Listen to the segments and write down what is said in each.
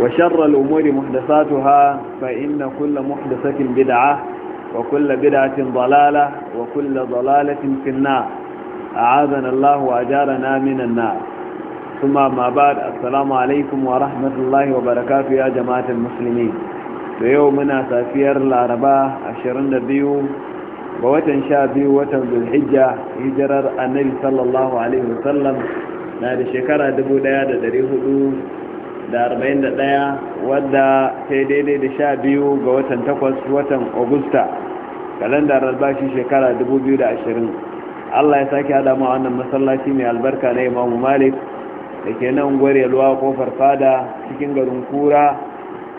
وشر الأمور محدثاتها فإن كل محدثة بدعة وكل بدعة ضلالة وكل ضلالة في النار أعاذنا الله وأجارنا من النار ثم ما بعد السلام عليكم ورحمة الله وبركاته يا جماعة المسلمين ليومنا سافير العرباء عشرين ديو ووتن شابيو وتن ذو الحجة هجرر النبي صلى الله عليه وسلم na da shekara 1400 da arba'in da ɗaya wadda ta yi daidai da sha biyu ga watan takwas watan augusta kalandar albashi shekara dubu da ashirin allah ya sake hada ma wannan masallaci mai albarka na imamu malik da ke nan gwari yalwa kofar fada cikin garin kura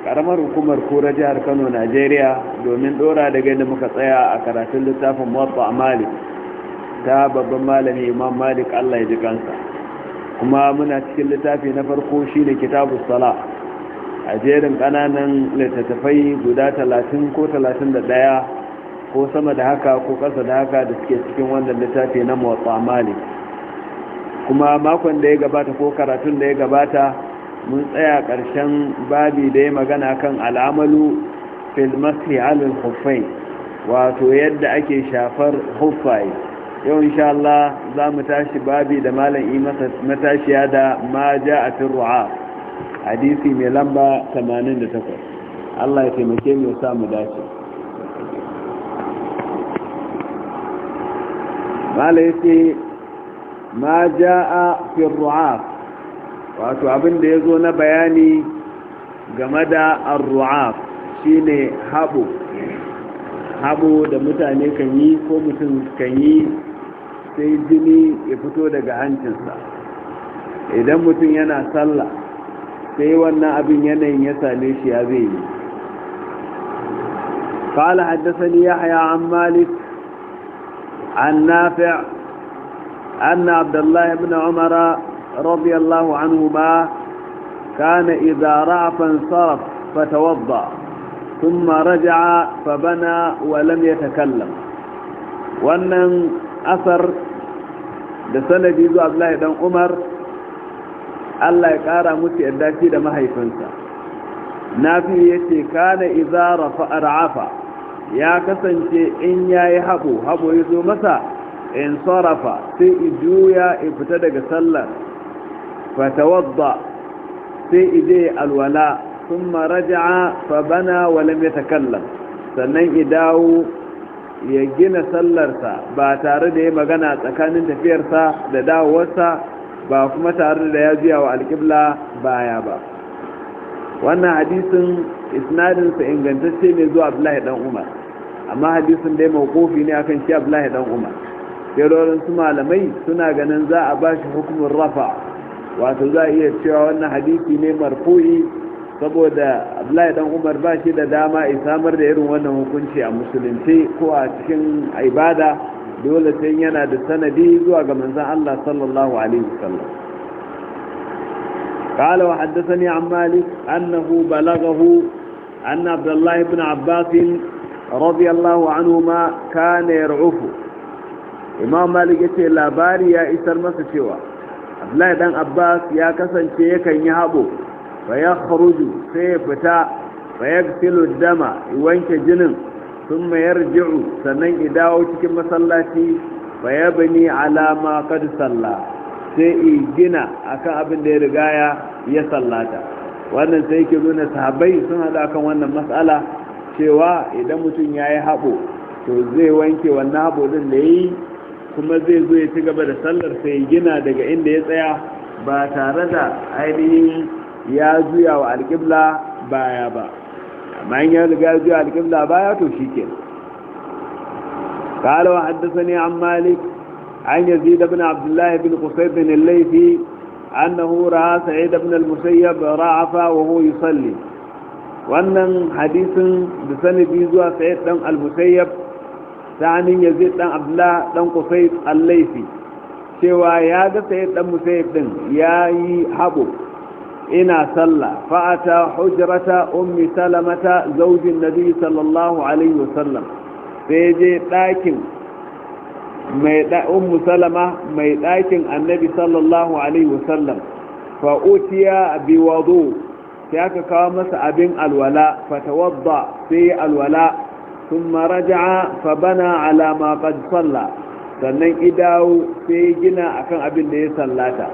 karamar hukumar kura jihar kano najeriya domin ɗora da gani muka tsaya a karatun littafin a malik ta babban malami imam malik allah ya ji kansa kuma muna cikin littafi na farko shi shine kitabu sala a jerin kananan littattafai guda talatin ko talatin da ɗaya ko sama da haka ko ƙasa da haka da suke cikin wannan littafi na motsa mali kuma makon da ya gabata ko karatun da ya gabata mun tsaya ƙarshen babi da ya magana kan al'amalu filmasi alin hufai wato yadda ake shafar hufai yau insha Allah za mu tashi babi da malam yi matashiya da ma ja a ru'a hadisi mai lamba 88 Allah ya taimake mu samu sa mu dace malam ya ce ma ja a ru'a wato abin da ya zo na bayani game da ar-ru'a shine habu habu da mutane kan yi ko mutum kan yi sai jini ya fito daga hancinsa idan mutum yana sallah sai wannan abin yanayin ya same shi ya zai yi fa'ala haddasa ni ya haya an malik an nafi anna abdullahi ibn umara radiyallahu anhu ba kana iza rafin saraf fatawadda kuma raja'a fa bana wa lam ya wannan asar da sanadi zuwa Abdullahi dan Umar Allah ya kara musu yadda shi da mahaifinsa nafi yace kana idza rafa'a rafa ya kasance in yayi habo habo yazo masa in sarafa sai juya in fita daga sallar tawadda sai ije alwala thumma raja'a fa bana wa lam yatakallam sannan ya gina sallarsa ba tare da ya magana tsakanin tafiyarsa da dawowarsa ba kuma tare da ya juya wa alƙibla baya ba wannan hadisin isnadinsa ingantacce ne zuwa abdullahi dan umar amma hadisin da dai mawqufi ne akan shi abdullahi dan umar sai su malamai suna ganin za a ba shi hukumin rafa wato za a iya cewa wannan hadisi ne marfu'i saboda abdullahi dan umar ba shi da dama ya samar da irin wannan hukunci a musulunci ko a cikin ibada dole sai yana da sanadi zuwa ga manzon Allah sallallahu alaihi wasallam قال وحدثني عن مالك annahu بلغه anna abdullahi الله abbas عباس رضي الله عنهما كان imam malik yace labari ya isar masa cewa abdullahi dan abbas ya kasance yakan yi habo fa yakhruju sai fita fa yaghsilu dama wanke jinin mayar yarji'u sannan ya dawo cikin masallaci fa yabni ala ma qad salla sai i gina akan abin da ya rigaya ya sallata wannan sai yake nuna sahabbai sun hada kan wannan mas'ala cewa idan mutum yayi habo to zai wanke wannan habo din da yayi kuma zai zo ya ci gaba da sallar sai gina daga inda ya tsaya ba tare da ainihin ya juya wa alƙibla baya ba amma in ya riga ya juya alƙibla baya to shi ke قال وحدثني عن مالك عن يزيد بن عبد الله بن قصيب بن الليثي أنه رأى سعيد بن المسيب رعف وهو يصلي وأن حديث بسنة بيزوى سعيد بن المسيب ثاني يزيد بن عبد الله بن dan qusayb سوى laythi سعيد بن المسيب يا dan ina sallah fa'ata hujrata ummi salamata zaujin nabi sallallahu alaihi wasallam sai je ɗakin mai ummu salama mai ɗakin annabi sallallahu alaihi wasallam fa'utiya bi wado sai aka kawo masa abin alwala fatawadda sai alwala ثم رجع fa bana alama قد sallah, sannan idawo sai gina akan abin da ya sallata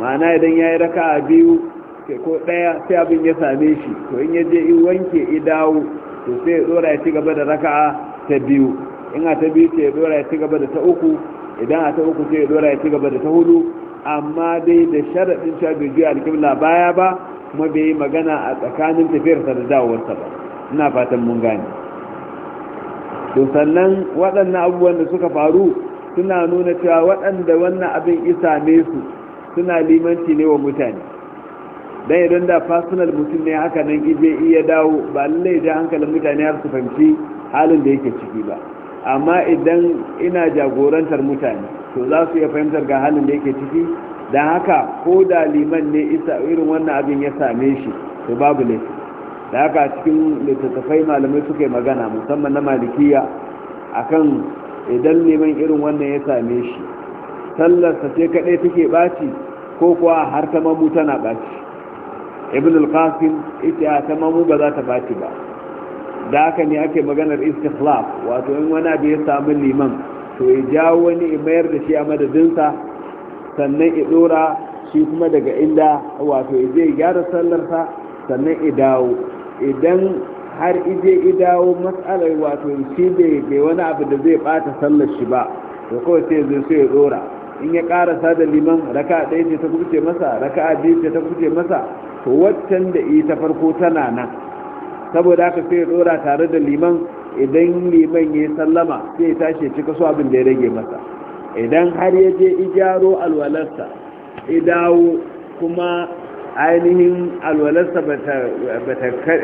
ma'ana idan ya yi raka a biyu ke ko ɗaya sai abin ya same shi to in yaje in wanke i dawo to sai ya dora ya ci gaba da raka'a ta biyu in a ta biyu sai ya dora ya ci gaba da ta uku idan a ta uku sai ya dora ya ci gaba da ta hudu amma dai da sharaɗin cewa bai juya alƙibla baya ba kuma bai yi magana a tsakanin tafiyarsa da dawowarsa ba ina fatan mun gane to sannan waɗannan abubuwan da suka faru suna nuna cewa waɗanda wannan abin isa ne su suna limanci ne wa mutane dan idan da personal mutum ne haka nan gije iya dawo ba lallai da hankalin mutane har su fahimci halin da yake ciki ba amma idan ina jagorantar mutane to za su iya fahimtar ga halin da yake ciki dan haka ko da liman ne isa irin wannan abin ya same shi to babu ne da haka cikin littattafai malamai suka magana musamman na malikiya akan idan liman irin wannan ya same shi sallarsa sai kaɗai take baci ko kuwa har ta mamu tana baci? ibn al-qasim ita ta mamu ba za ta baci ba da haka ne ake maganar istikhlaf wato in wani abu ya samu liman to ya jawo wani ya mayar da shi a madadinsa sannan ya dora shi kuma daga inda wato ya je gyara sallarsa sannan ya dawo idan har ije ya dawo matsalar wato shi bai wani abu da zai bata sallar shi ba to kawai sai zai so ya dora in ya karasa da liman raka ɗaya ce ta kuce masa raka biyu ce ta kuce masa to waccan da ita farko tana nan saboda haka sai ya dora tare da liman idan liman ya sallama sai ya tashi cika su abin da ya rage masa idan har ya je ijaro alwalarsa idawo kuma ainihin alwalarsa bata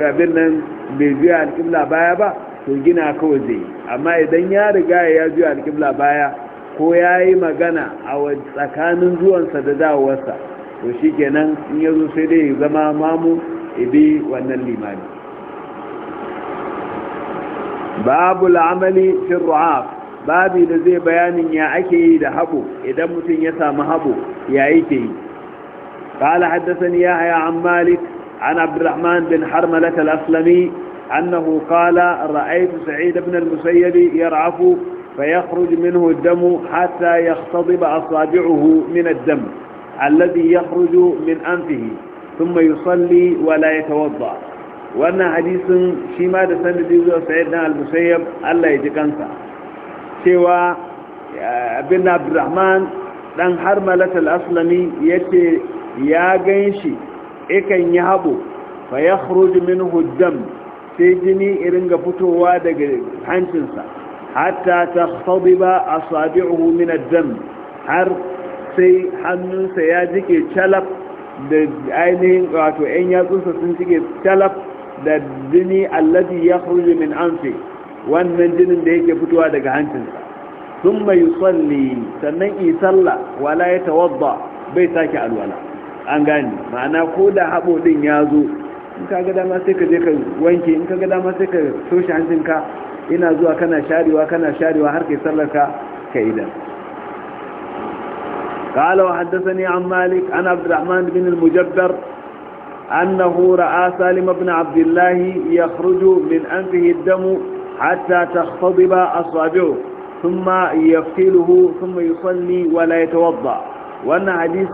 abin nan bai biya alƙibla baya ba to gina kawai zai amma idan ya riga ya biya alƙibla baya ko ya yi magana a tsakanin zuwansa da dawowarsa to shi kenan in ya zo sai dai ya zama mamu ibi wannan limani babu al'amali fi ru'af babi da zai bayanin ya ake yi da habo idan mutum ya samu habo ya yake yi قال حدثني يحيى عن مالك عن عبد الرحمن بن حرملة الأسلمي أنه قال رأيت سعيد بن المسيب يرعف فيخرج منه الدم حتى يختضب أصابعه من الدم alladhi yakhruju min anfihi thumma yusalli wa la yatawadda wannan hadisin shi ma da sanadi zuwa sayyid dan al-musayyab Allah ya ji kansa cewa eh, abin abdurrahman dan har malatal aslami yace ya ganshi ikan yi habo fa yakhruju minhu dam sai jini irin ga fitowa daga hancinsa hatta tahtadiba asabi'uhu min ad-dam har sai hannunsa ya jike calaf da ainihin wato 'yan yatsunsa sun jike calaf da jini allazi ya hurri min anfi wannan jinin da yake fitowa daga hancinsa sun mai tsalli sannan isalla wala ya tawadda bai sake alwala an gani ma'ana ko da haɓo ɗin ya zo in ka ga dama sai ka je ka wanke in ka ga dama sai ka toshe hancinka ina zuwa kana sharewa kana sharewa har kai sallar ka ka idan قال وحدثني عن مالك عن عبد الرحمن بن المجبر أنه رأى سالم بن عبد الله يخرج من أنفه الدم حتى تختضب أصابعه ثم يفتله ثم يصلي ولا يتوضأ وأن حديث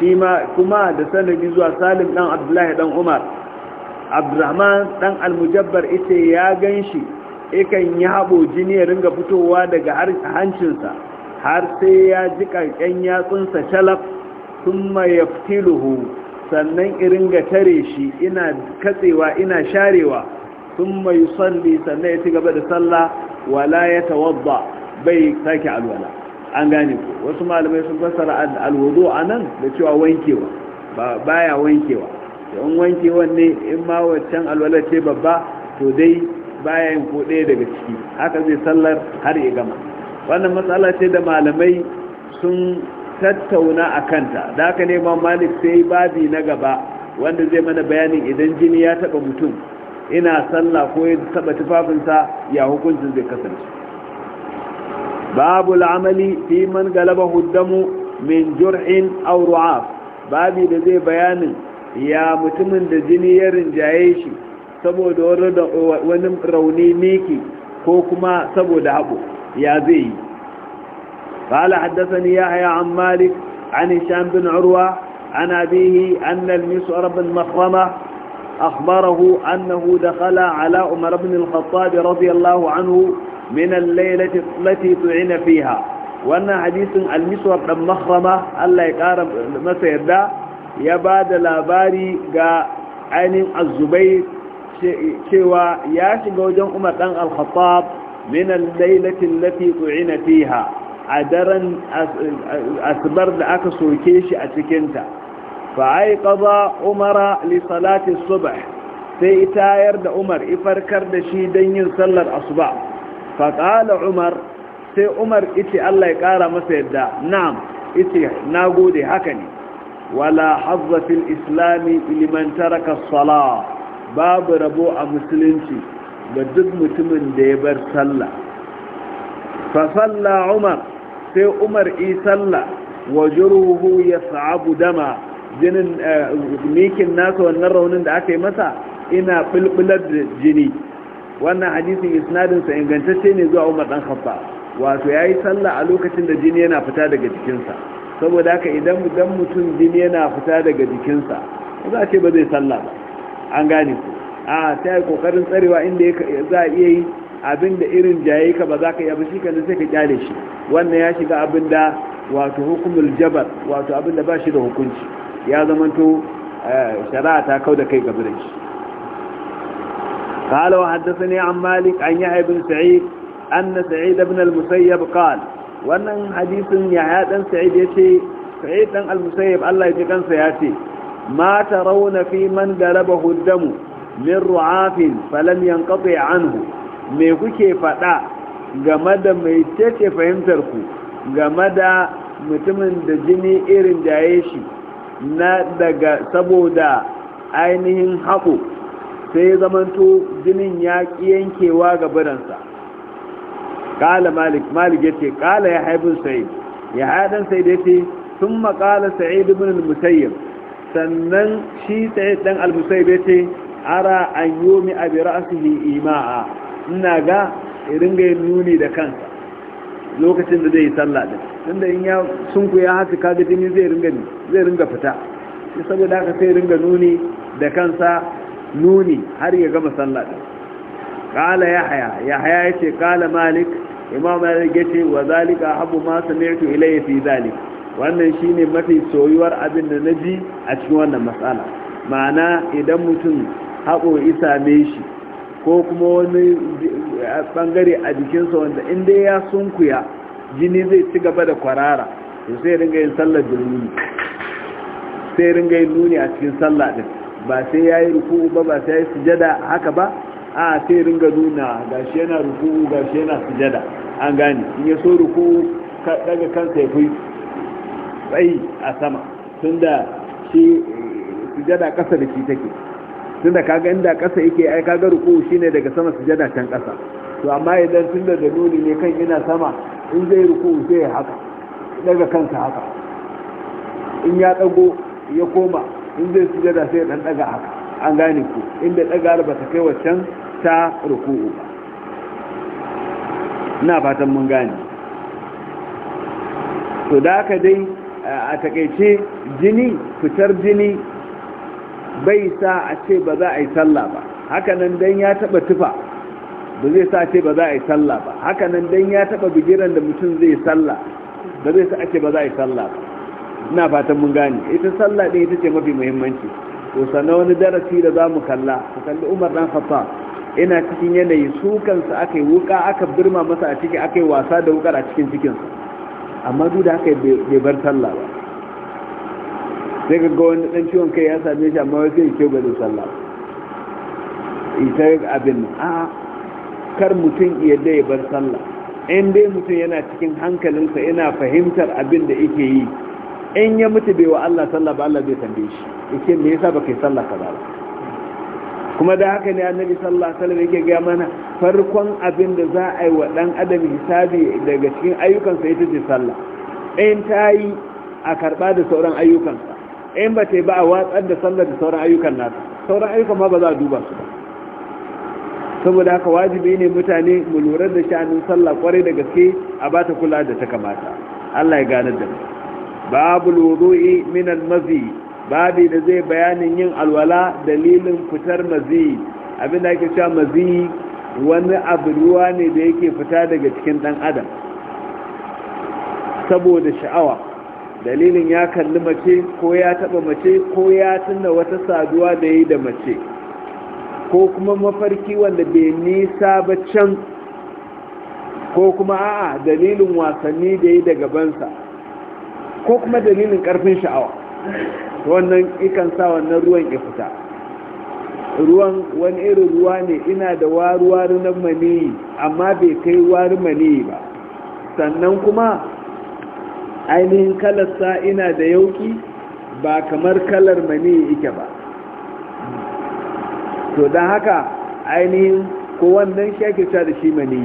شيما كما دسنة جزوى سالم بن عبد الله بن عمر عبد الرحمن بن المجبر إتي يا جنشي ikan yabo jini ya ringa fitowa daga hancinsa har sai ya ji ƙarƙen yatsunsa shalaf sun fitiluhu, sannan iringa tare shi ina katsewa ina sharewa sun mai salli sannan ya ci gaba da sallah wala ya tawadda bai sake alwala an gane ku wasu malamai sun fassara alwudu a nan da cewa wankewa baya wankewa in wanke ne in ma waccan alwala ce babba to dai bayan ko ɗaya daga ciki haka zai sallar har ya gama wannan matsala ce da malamai sun tattauna a kanta da haka ne ma malik sai babi na gaba wanda zai mana bayanin idan jini ya taba mutum ina sallah ko ya taba tufafinsa ya hukuncin zai kasance babu al'amali fi man galaba huddamu min jur'in aw ru'af babi da zai bayanin ya mutumin da jini ya rinjaye shi saboda wani rauni miki ko kuma saboda haɓo يا بي قال حدثني يحيى عن مالك عن هشام بن عروة عن أبيه أن المسعر بن مخرمة أخبره أنه دخل على عمر بن الخطاب رضي الله عنه من الليلة التي طعن فيها وأن حديث المسور بن مخرمة الله يقارب مسير ده يباد لاباري قا عين الزبير شوى ياشي قوجان أمر الخطاب min al-lailati allati tu'ina fiha a daren asbar da aka soke shi a cikin ta fa aiqadha umara li salati subh sai tayar da umar ifarkar da shi dan yin sallar asuba fa qala umar sai umar ite Allah ya kara masa yadda na'am ite nagode haka ne wala hazza fil islami liman taraka babu rabo a musulunci ga duk mutumin da ya bar sallah fa salla umar sai umar yi sallah wa juruhu yas'abu dama jinin eh, mikin nasa wannan raunin da aka yi masa ina bulbular da jini wannan hadisin isnadin ingantacce ne zuwa umar dan khaffa wato yayi sallah a lokacin da jini yana fita daga jikinsa saboda haka idan dan mutum jini yana fita daga jikinsa za a ce ba zai sallah ba an gane ku a ta yi kokarin tsarewa inda za a iya yi abinda irin jaye ka ba za ka yi shi ka sai ka kyale shi wannan ya shiga abin da wato hukumul jabar wato abin da ba shi da hukunci ya to eh, shari'a ta kau da kai gaba da shi قال وحدثني عن مالك عن يحيى بن سعيد أن سعيد بن المسيب قال وأن حديث يحيى بن سعيد يتي سعيد بن المسيب الله يتكن سياتي ما ترون في من غلبه الدم min ru'afin falam yanqati anhu me kuke faɗa game da mai tace fahimtar ku game da mutumin da jini irin jaye shi na daga saboda ainihin haƙo sai ya zamanto jinin ya yankewa ga biransa kala malik malik yace kala ya haibun sa'id ya haɗin sa'id yace sun maƙala sa'id ibn al-musayyib sannan shi sa'id ɗan al-musayyib yace ara an yomi abi ra'sihi ima'a ina ga irin ga nuni da kansa lokacin da zai yi sallah din tunda in ya sunku ya haka kaga jini zai ringa zai ringa fita sai saboda haka sai ringa nuni da kansa nuni har ya gama sallah din qala yahya yahya yace qala malik imam malik ce, wa zalika habu ma sami'tu ilayya fi zalik wannan shine mafi soyuwar abin da naji a cikin wannan mas'ala ma'ana idan mutum haƙo isa me shi ko kuma wani bangare a jikinsa wanda inda ya sunkuya jini zai ci gaba da kwarara to sai ringa yin sallar da nuni sai ringa yin nuni a cikin sallah din ba sai ya yi ruku'u ba ba sai ya yi sujada haka ba a sai ringa nuna shi yana ruku'u shi yana sujada an gane in ya so ruku'u daga kansa ya fi tsayi a sama tunda shi sujada kasa da shi take tunda kaga inda ƙasa yake ai kaga ruku shine daga sama sujada can ƙasa to amma idan tunda da nuni ne kan ina sama in zai ruku sai haka daga kansa haka in ya dago ya koma in zai sujada sai dan daga haka an gane ku inda daga ba ta kai waccan ta ruku ba ina fatan mun gane to da haka dai a takaice jini fitar jini bai sa a ce ba za a yi sallah ba haka nan dan ya taba tufa ba zai sa a ce ba za a yi sallah ba haka nan dan ya taba bigiran da mutum zai sallah ba zai sa a ce ba za a yi sallah ba ina fatan mun gane ita sallah din ita ce mafi muhimmanci to sanan wani darasi da zamu kalla ku kalli umar dan khattab ina cikin yanayi su kansa aka yi wuka aka birma masa a ciki aka yi wasa da wukar a cikin cikinsa amma duk da haka bai bar sallah ba sai ga ga wani dan ciwon kai ya same shi amma wasu ke gwada sallah ita abin a kar mutum iya ya bar sallah in dai mutum yana cikin hankalinsa yana fahimtar abin da yake yi in ya mutu bai wa Allah sallah ba Allah zai tambaye shi yake me yasa baka yi sallah kaza ba kuma da haka ne annabi sallallahu alaihi wasallam yake gaya mana farkon abin da za a yi wa dan adam hisabi daga cikin ayyukansa ita ce sallah in ta yi a karba da sauran ayyukansa in ba ta yi ba a watsar da sallar da sauran ayyukan nasu sauran ayyukan ma ba za a duba su ba saboda haka wajibi ne mutane mu lura da sha'anin sallah kwarai da gaske a ba ta kula da ta kamata Allah ya ganar da babu wudu'i min al-mazi babi da zai bayanin yin alwala dalilin fitar mazi abinda ake cewa mazi wani abu ruwa ne da yake fita daga cikin dan adam saboda sha'awa dalilin ya kalli mace ko ya taba mace ko ya tuna wata saduwa da yi da mace ko kuma mafarki wanda bai nisa ba can ko kuma a'a dalilin wasanni da yi da gabansa ko kuma dalilin karfin sha'awa wannan ikan sa wannan ruwan ya fita ruwan wani irin ruwa ne ina da waruwar na maniyi amma bai kai wari maniyi ba sannan kuma ainihin kalarsa ina da yauki ba kamar kalar mani ike ba to don haka ainihin ko wannan shakirta da shi mani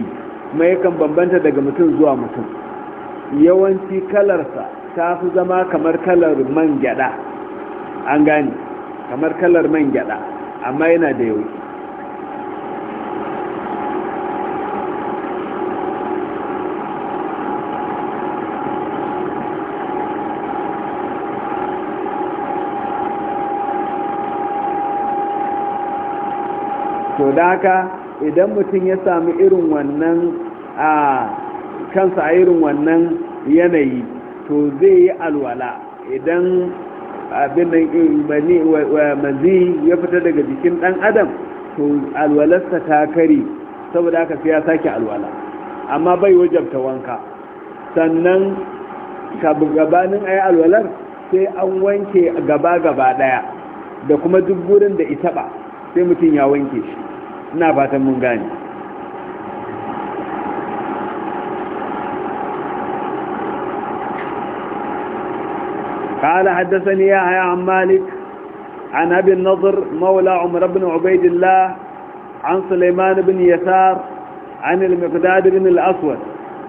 mai yakan bambanta daga mutum zuwa mutum yawanci kalarsa ta fi zama kamar kalar man gyada an gane kamar kalar man gyada amma yana da yauki haka idan mutum ya sami irin wannan a kansa a irin wannan yanayi to zai yi alwala idan abin eh, mazi ya fita daga jikin dan adam to alwalarsa ta kari saboda haka sai ya sake alwala amma bai wajabta wanka sannan gabanin a yi alwalar sai an wanke gaba-gaba daya da kuma duk gurin da ita sai mutum ya wanke shi ina fatan mun gane قال حدثني يحيى عن مالك عن أبي النضر مولى عمر بن عبيد الله عن سليمان بن يسار عن المقداد بن الأسود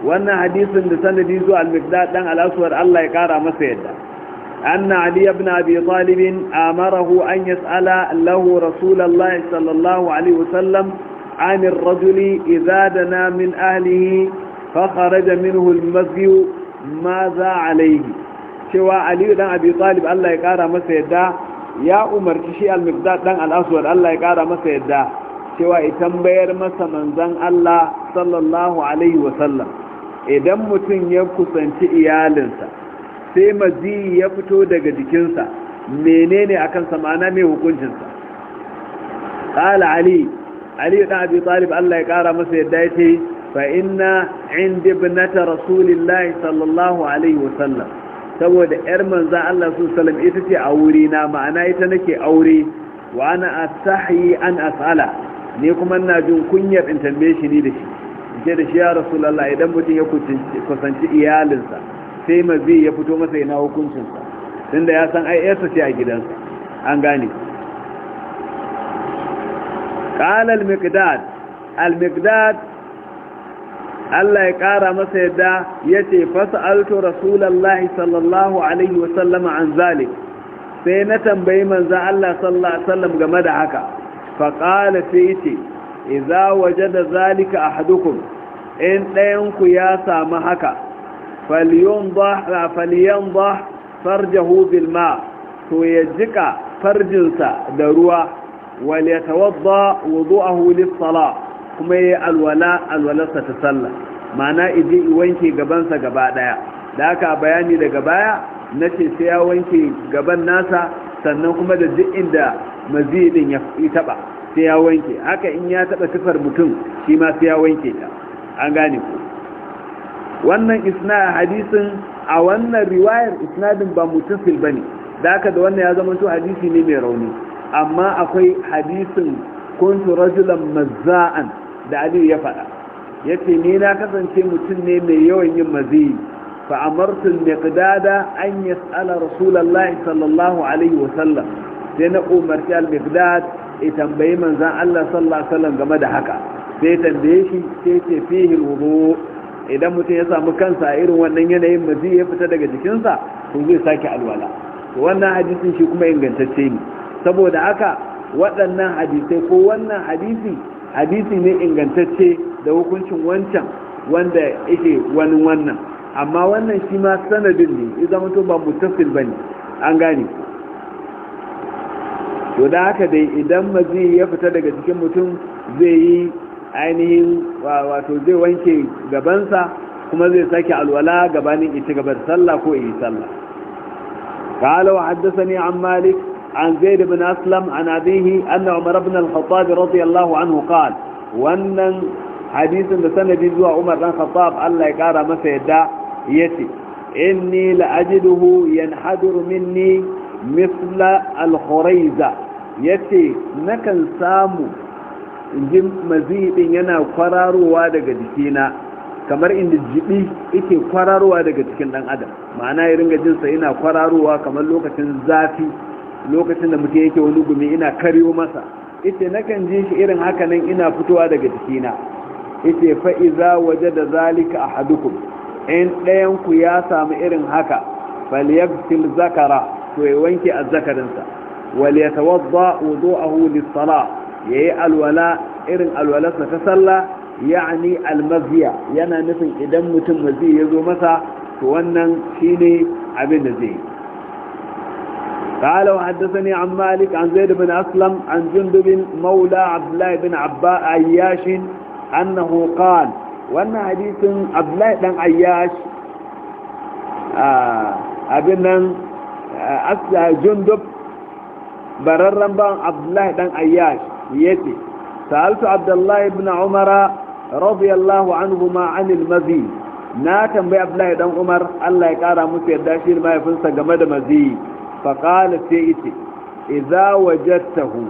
وأن حديث لسند يزوى المقداد عن الأسود الله يقارى مسيدا أن علي بن أبي طالب آمره أن يسأل له رسول الله صلى الله عليه وسلم عن الرجل إذا دنا من أهله فخرج منه المزي ماذا عليه شوى علي بن أبي طالب الله يقارى مسيدا يا أمر كشي المقداد دان الأسود الله يقارى مسيدا شوى يتنبير مسمن زن الله صلى الله عليه وسلم إذا متن يبكسن في إيالنسا sai mazi ya fito daga jikinsa menene akan samana mai hukuncinsa ƙala ali ali ɗan abin talib Allah ya ƙara masa yadda ce fa ina inda ibnata rasulillahi sallallahu alaihi wasallam saboda yar manza Allah su salam ita ce a wuri na ma'ana ita nake aure wa ana astahi an as'ala ne kuma na jin kunyar in tambaye shi ni da shi ce da shi ya rasulullah idan mutum ya kusanci iyalinsa sai mazi ya fito masa yana hukuncinsa tunda ya san ai yarsa ce a gidansa an gane qala al-miqdad al-miqdad Allah ya kara masa yadda yace fas'altu rasulullahi sallallahu alaihi wasallam an zalik sai na tambayi manzon Allah sallallahu alaihi wasallam game da haka fa qala sai yace idza wajada zalika ahadukum in dayan ya samu haka falyanzah farjahu bil ma to ya jiƙa farjinsa da ruwa wal yatawadda wudu'ahu lis sala kuma ya alwala alwalarsa ta sallah mana idi wanke gabansa gaba daya da haka bayani daga baya nace sai ya wanke gaban nasa sannan kuma da duk inda mazidin ya taba sai ya wanke haka in ya taɓa sifar mutum shi ma sai ya wanke ta an gane ku wannan isna hadisin a wannan riwayar isnadin ba mutasil bane da haka da wannan ya zama to hadisi ne mai rauni amma akwai hadisin kuntu rajulan mazza'an da Aliyu ya faɗa yace ni na kasance mutum ne mai yawan yin mazi fa amartu al-miqdada an yas'ala rasulullahi sallallahu alaihi wa sallam sai na umarci al-miqdad ya tambayi manzon Allah sallallahu alaihi wa sallam game da haka sai tambaye shi sai ce fihi wudu idan mutum ya samu kansa a irin wannan yanayin mazi ya fita daga jikinsa kun zai sake alwala wannan hadisin shi kuma ingantacce ne saboda haka waɗannan hadisai ko wannan hadisi hadisi ne ingantacce da hukuncin wancan wanda yake wani wannan amma wannan shi ma sanadin ne zama to ba ba ne, an gane to da haka dai idan mazi ya fita daga jikin mutum zai yi ainihin wato zai wanke gabansa kuma zai sake alwala gabanin ita gabar sallah ko yi sallah قال وحدثني عن مالك عن زيد بن أسلم عن أبيه أن عمر بن الخطاب رضي الله عنه قال وأن حديث بسند زوى عمر بن الخطاب الله يقارى مسيدا يتي إني لأجده ينحدر مني مثل الخريزة يتي نكن سامو jin mazidin yana kwararowa daga jikina kamar inda jibi yake kwararowa daga cikin dan adam ma'ana ya ringa jin sa yana kwararowa kamar lokacin zafi lokacin da mutum yake wani gumi ina karyo masa ita nakan ji shi irin haka nan ina fitowa daga jikina ita fa iza wajada zalika ahadukum in dayan ku ya samu irin haka falyagsil zakara to ya wanke azzakarinsa wal yatawadda wudu'ahu lis-salah ya yi alwala irin alwalarsa ta sallah yani almaziya yana nufin idan mutum mazi ya zo masa to wannan shine abin da zai قال وحدثني عن مالك عن زيد بن أسلم عن جندب مولى عبد الله بن عباء عياش أنه قال وأن حديث عبد الله بن عياش أبنا جندب بررا عبد الله بن عياش ya yace sa'altu abdullahi ibn umara radiyallahu anhuma anil mazi na tambayi abdullahi dan umar Allah ya kara musu yarda shi mahaifinsa game da mazi fa qala sai yace idza wajadtahu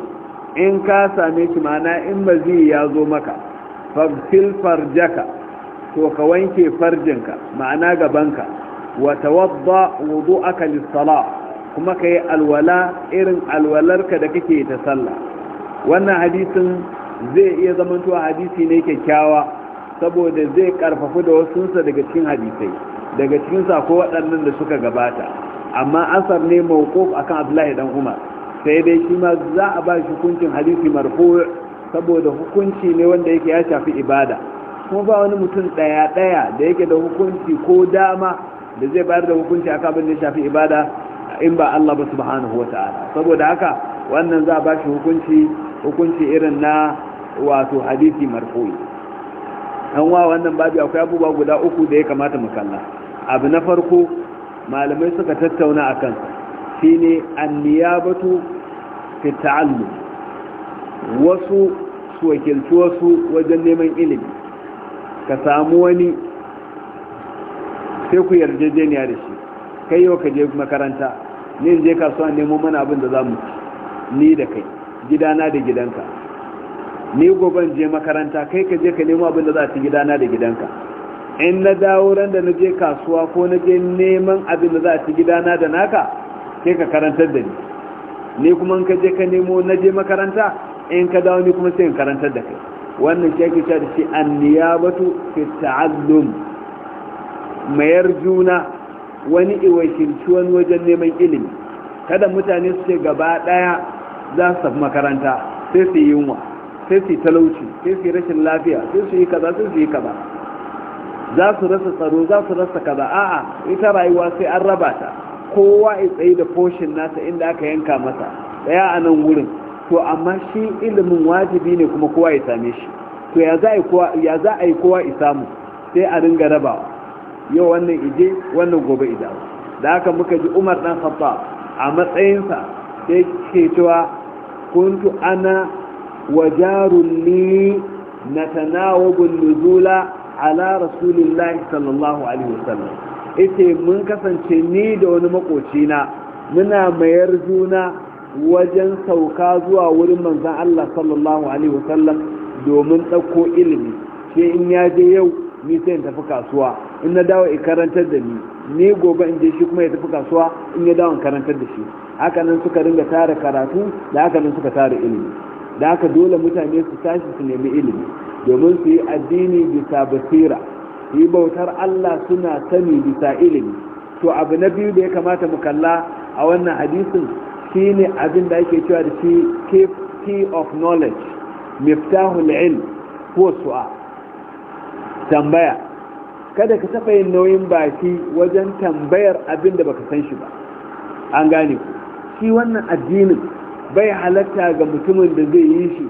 in ka same shi ma'ana in mazi ya zo maka fagsil farjaka to ka wanke farjenka ma'ana gabanka wa tawadda wudu'aka lis-salah kuma kai alwala irin alwalarka da kake ta sallah wannan hadisin zai iya zamantowa hadisi ne kyakkyawa saboda zai karfafu da wasunsa daga cikin hadisai daga cikin ko waɗannan da suka gabata amma asar ne mawquf akan Abdullahi dan Umar sai dai shi ma za a ba shi hukuncin hadisi marfu' saboda hukunci ne wanda yake ya shafi ibada kuma ba wani mutum daya daya da yake da hukunci ko dama da zai bayar da hukunci akan abin da ya shafi ibada in ba Allah ba subhanahu wataala saboda haka wannan za a ba shi hukunci hukunci irin na wato hadisi marfu'i an wa wannan babu akwai abubuwa guda uku da ya kamata mu kalla abu na farko malamai suka tattauna a kan shine anniyabatu fi ta'allum wasu su wakilci wasu wajen neman ilimi ka samu wani sai ku yarjejeniya da shi kai yau ka je makaranta ne je kasuwa nemo mana abin da za mu ni da kai gidana da gidanka ni goban je makaranta kai ka je ka nemo abin da za ci gidana da gidanka in na dawo ran da na je kasuwa ko na je neman abin da za ci gidana da naka kai ka karantar da ni ni kuma in ka je ka nemo na je makaranta in ka dawo ni kuma sai in karantar da kai wannan shi ake cewa shi shi anniyabatu fi ta'allum mayar juna wani iwashin ciwon wajen neman ilimi kada mutane su ce gaba daya za su tafi makaranta sai su yi yunwa sai su yi talauci sai su yi rashin lafiya sai su yi kaza sai su yi kaza za su rasa tsaro za su rasa kaza a'a ita rayuwa sai an raba ta kowa ya tsaye da foshin nasa inda aka yanka masa tsaya a nan wurin to amma shi ilimin wajibi ne kuma kowa ya same shi to ya za a yi kowa samu sai a ringa rabawa yau wannan ije wannan gobe idawa da haka muka ji umar dan khattab a matsayinsa sai ke cewa kuntu ana wa jarun li natanawabu nuzula ala rasulillahi sallallahu alaihi wasallam ite mun kasance ni da wani maƙocina. muna mayar juna wajen sauka zuwa wurin manzon Allah sallallahu alaihi wasallam domin ɗauko ilimi sai in ya je yau ni sai in tafi kasuwa in na dawo in karantar da ni ni gobe in je shi kuma ya tafi kasuwa in ya dawo in karantar da shi haka nan suka ringa tara karatu da haka nan suka tara ilimi da haka dole mutane su tashi su nemi ilimi domin su yi addini bisa basira yi bautar Allah suna sani bisa ilimi to abu na biyu da ya kamata mu kalla a wannan hadisin shine abin da ake cewa da shi key of knowledge miftahul ilm ko su'a tambaya kada ka taɓa yin nauyin baki wajen tambayar abin da baka san shi ba an gane ku shi wannan addinin bai halatta ga mutumin da zai yi shi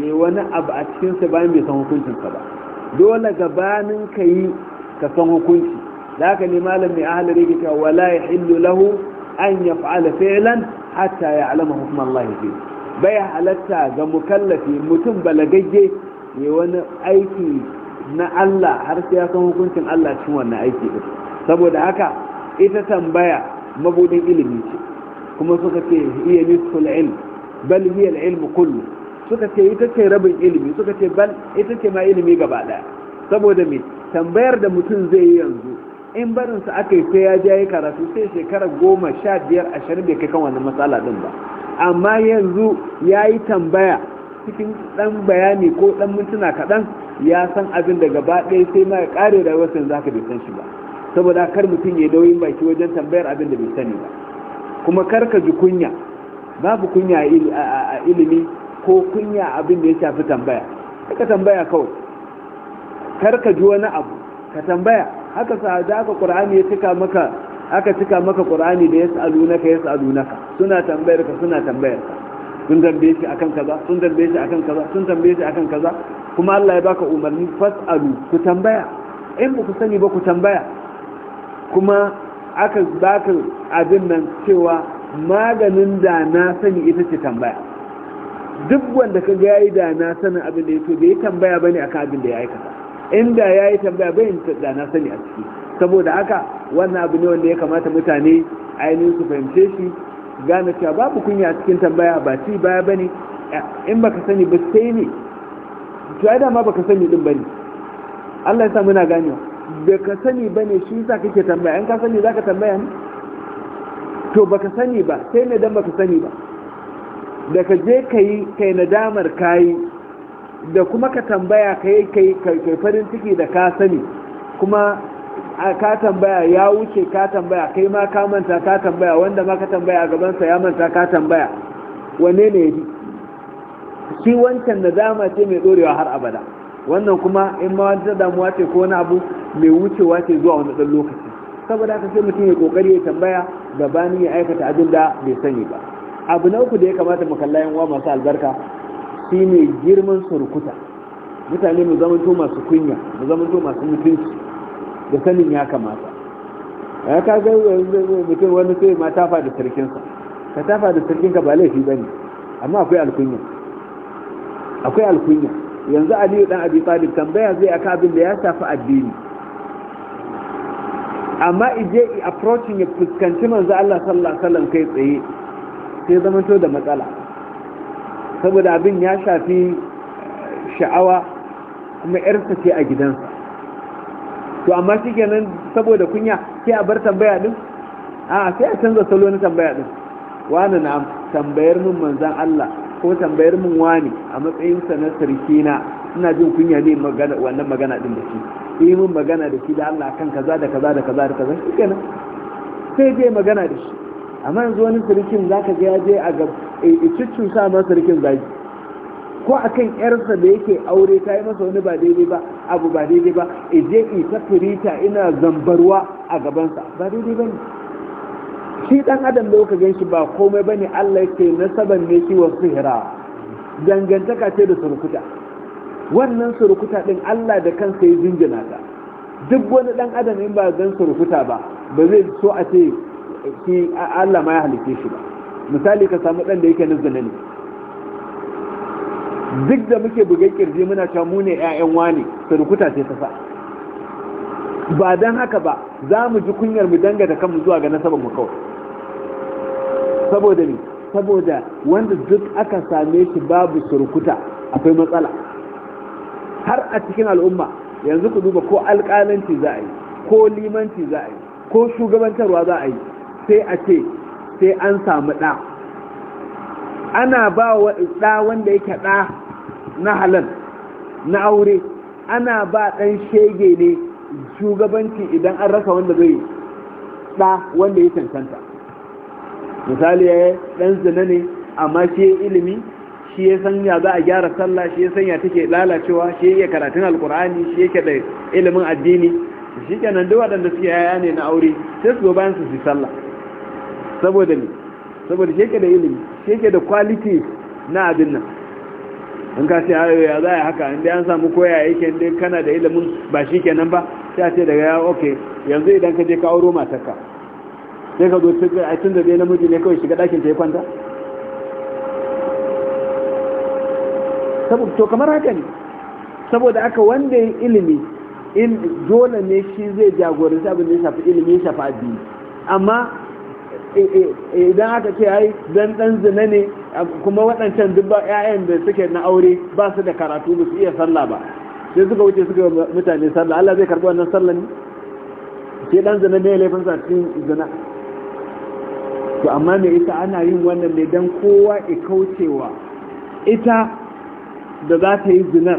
ne wani abu a cikinsa bayan bai san hukuncinsa ba dole gabanin ka yi ka san hukunci da haka ne malam mai ahalar yake wala ya hillu lahu an ya fa'ala fi'lan hatta ya alama hukumar Allah ya bai halatta ga mukallafi mutum balagagge ne wani aiki na Allah har sai ya san hukuncin Allah cikin wannan aiki din saboda haka ita tambaya mabudin ilimi ce kuma suka ce iya nisful ilm bal hiya al ilm kullu suka ce ita ce rabin ilimi suka ce bal ita ce ma ilimi gaba daya saboda me tambayar da mutum zai yi yanzu in barinsa aka yi sai ya je ya karatu sai shekara goma sha biyar ashirin bai kai kan wannan matsala din ba amma yanzu ya yi tambaya cikin dan bayani ko dan mintuna kaɗan ya san abin da gaba ɗaya sai ma ya ƙare rayuwar sai za ka bai san shi ba saboda kar mutum ya nauyin baki wajen tambayar abin da bai sani ba kuma kar ka ji kunya babu kunya a ilimi ko kunya abin da ya shafi tambaya ka tambaya kawai kar ka ji wani abu ka tambaya haka sa da aka qur'ani ya cika maka aka cika maka qur'ani da yas'alunaka yas'alunaka suna tambayar ka suna tambayar ka sun tambaye shi akan kaza sun tambaye shi akan kaza sun tambaye shi akan kaza kuma Allah ya baka umarni fasalu ku tambaya in ba ku sani ba ku tambaya kuma aka baka abin nan cewa maganin da na sani ita ce tambaya duk wanda ka ga yayi da na sanin abin da yake bai tambaya bane akan abin da ya aikata inda yayi tambaya bai da na sani a ciki saboda haka wannan abu ne wanda ya kamata mutane ainihin su fahimce shi gane cewa babu kunya a cikin tambaya ba ci baya ba ne eh, in baka sani ba sai ne to ai dama baka sani din bane Allah ya sa muna ba baka sani bane shi yasa kake tambaya in ka sani zaka tambaya ne to baka sani ba sai ne dan baka sani ba da ka je kai kai nadamar kai da kuma ka tambaya kai kai farin ciki da ka sani kuma ka tambaya ya wuce ka tambaya kai ma ka manta ka tambaya wanda ma ka tambaya a gabansa ya manta ka tambaya wanne ne yi shi wancan nadama ce mai dorewa har abada wannan kuma in ma wata damuwa ce ko wani abu mai wucewa ce zuwa wani ɗan lokaci saboda haka sai mutum ya kokari ya tambaya gabanin ya aikata abin da bai sani ba abu na uku da ya kamata mu kalla yanwa masu albarka shine girman surukuta mutane mu zamanto masu kunya mu zamanto masu mutunci da sanin ya kamata ya ka ga mutum wani sai ma tafa da sarkinsa ka tafa da sarkinka ba laifi ba ne amma akwai alkunya akwai alkunya yanzu aliyu dan abi talib tambaya zai aka abin da ya shafi addini amma ije approaching ya fuskanci manzo Allah sallallahu alaihi wasallam kai tsaye sai zamanto da matsala saboda abin ya shafi sha'awa kuma yarsa ce a gidansa to amma shi kenan saboda kunya sai a bar tambaya din a sai a canza salo na tambaya din wani na tambayar min manzan Allah ko tambayar min wani a matsayinsa na sarki na ina jin kunya ne magana wannan magana din da shi yi min magana da shi da Allah kan kaza da kaza da kaza da kaza shi kenan sai je magana da shi amma yanzu wani sarkin zaka ga ya je a ga e, e, sa ma sarkin zaki ko a kan yarsa da yake aure ta yi masa wani ba daidai ba abu ba daidai ba ije ta firita ina zambarwa a gabansa ba daidai ba ne shi dan adam da kuka ganshi ba komai ba ne allah yake nasaban ne shi wa sihira dangantaka ce da surukuta, wannan surukuta din allah da kansa ya jinjina ta duk wani dan adam in ba gan surukuta ba ba zai so a ce shi allah ma ya halice shi ba misali ka samu dan da yake na zinani duk da muke buga kirji muna cewa mu ne 'ya'yan wani surukuta sai ta sa ba don haka ba za mu ji kunyar mu dangata kanmu zuwa ga nasabar mu kawai saboda ne saboda wanda duk aka same shi babu surukuta akwai matsala har a cikin al'umma yanzu ku duba ko alƙalanci za a yi ko limanci za a yi ko shugabantarwa za a yi sai a ce sai an samu ɗa ana ba wa ɗa wanda yake ɗa na halal na aure ana ba ɗan shege ne shugabanci idan an rasa wanda zai ɗa wanda ya cancanta misali ya ɗan zina ne amma shi ya ilimi shi ya san ya za a gyara sallah shi ya san ya take lalacewa shi ya karatun alkur'ani shi ya da ilimin addini shi kenan duk waɗanda suke yaya ne na aure sai su bayan su su sallah saboda ne saboda shi ke da ilimi shi ke da quality na abin nan in ka ce ya za a haka inda an samu koya yake inda kana da ilimin ba shi kenan ba sai a ce daga ya ok yanzu idan ka je ka auro matarka sai ka zo a tun da dai namiji ne kawai shiga ɗakin ta ya kwanta to kamar haka ne saboda aka wanda ya ilimi in dole ne shi zai jagoranta abin da ya shafi ilimi ya shafi addini amma Eh, eh, idan aka ce ai dan dan zina ne kuma waɗancan dubba ba ƴaƴan da suke na aure ba su da karatu ba su iya sallah ba sai suka wuce suka mutane sallah Allah zai karɓi wannan sallah ne sai dan zina ne laifin sa cikin zina to amma me ita ana yin wannan ne dan kowa ya kaucewa ita da za ta yi zinar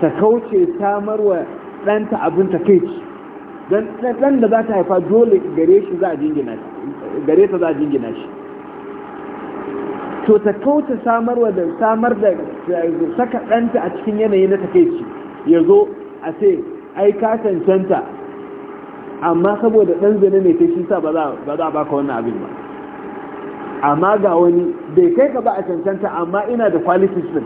ta kauce samarwa danta abin ta kai dan da za ta haifa dole gare shi za a jingina shi gare ta za a jingina shi to ta kauta samar da samar da saka ɗanta a cikin yanayi na takeici ya zo a ce ai ka cancanta amma saboda ɗan zane ne kai shi sa ba za a baka wannan abin ba amma ga wani bai kai ka ba a cancanta amma ina da qualities din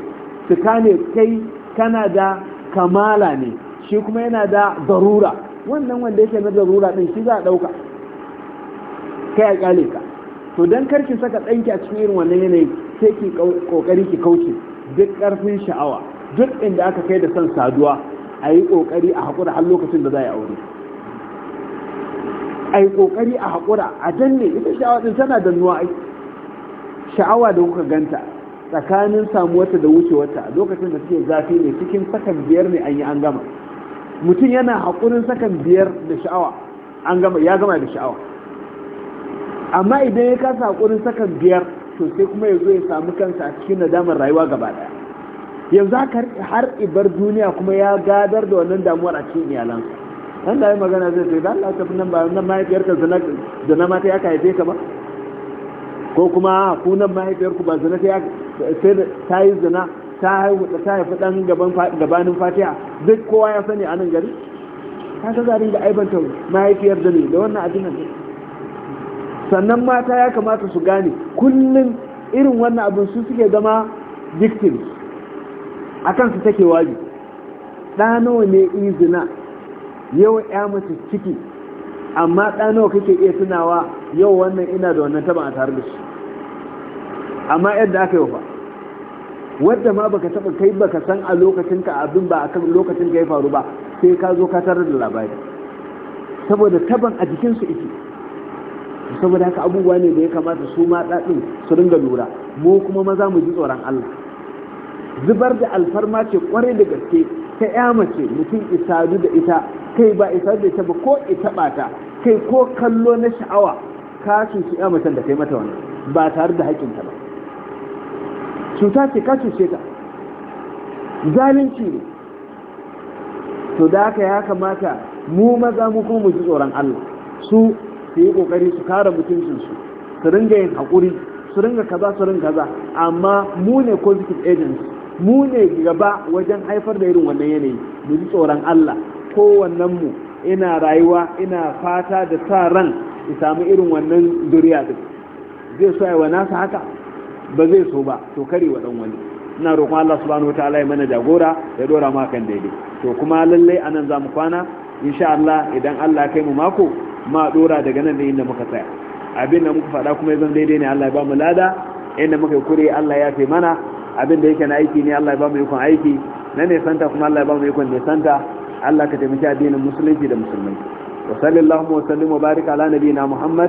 su ne kai kana da kamala ne shi kuma yana da darura wannan wanda yake na zarura ɗin shi za a ɗauka kai a kyale ka to dan karki saka ɗanki a cikin irin wannan yanayi sai ki kokari ki kauce duk karfin sha'awa duk inda aka kai da son saduwa a yi kokari a haƙura har lokacin da za a yi aure a yi kokari a haƙura a danne ita sha'awa din tana dannuwa ai sha'awa da kuka ganta tsakanin samuwarta da wucewarta lokacin da suke zafi ne cikin sakan biyar ne an yi an gama mutum yana haƙurin sakan biyar da sha'awa ya gama da sha'awa amma idan ya kasa haƙurin sakan biyar to kuma ya zo ya samu kansa a cikin nadamar rayuwa gaba ɗaya yanzu har ibar duniya kuma ya gadar da wannan damuwar a cikin iyalansa Nan da ya magana zai sai ba Allah fi nan ba nan mahaifiyarka zina zana ma ta ya haife ka ba ko kuma ku nan mahaifiyarku ba zana ta yi zana? ta haifi ɗan gabanin fatiha duk kowa ya sani a nan gari ta ta zarin da aibanta mahaifiyar da ne da wannan abinan sannan mata ya kamata su gane kullum irin wannan abin su suke zama victims a kansu take waji ɗanawa ne izina yau ya mace ciki amma ɗanawa kake iya tunawa yau wannan ina da wannan taba a tare da shi amma yadda aka yi wa wadda ma baka taba kai baka san a lokacin ka abin ba a kan lokacin ka ya faru ba sai ka zo ka tarar da labari saboda taban a jikin su saboda haka abubuwa ne da ya kamata su ma dadin su ringa lura mu kuma maza mu ji tsoron Allah zubar da alfarma ce kwarai da gaske ta ya mace mutum isadu da ita kai ba isadu da ita ba ko ita bata kai ko kallo na sha'awa ka su ya mace da kai mata wannan ba tare da haƙƙinta ba cuta ce ka cuce ta zalunci ne to da haka ya kamata mu maza mu kuma mu ji tsoron Allah su su yi kokari su kare mutuncin su ringa yin haƙuri su ringa kaza su ringa kaza amma mu ne positive agents mu ne gaba wajen haifar da irin wannan yanayi mu ji tsoron Allah kowannen mu ina rayuwa ina fata da sa ran ya samu irin wannan duriya din zai so ya wa nasa haka ba zai so ba to kare wa dan wani ina roƙon Allah subhanahu wataala ya mana jagora ya dora mu kan daidai to kuma lallai anan zamu kwana insha Allah idan Allah kai mu mako ma dora daga nan da inda muka tsaya abin da muka faɗa kuma zan daidai ne Allah ya ba mu lada inda muka kure Allah ya fi mana abin da yake na aiki ne Allah ya ba mu ikon aiki na ne santa kuma Allah ya ba mu ikon ne santa Allah ka taimaki addinin musulunci da musulmai wa sallallahu wa sallam wa barika ala nabiyina Muhammad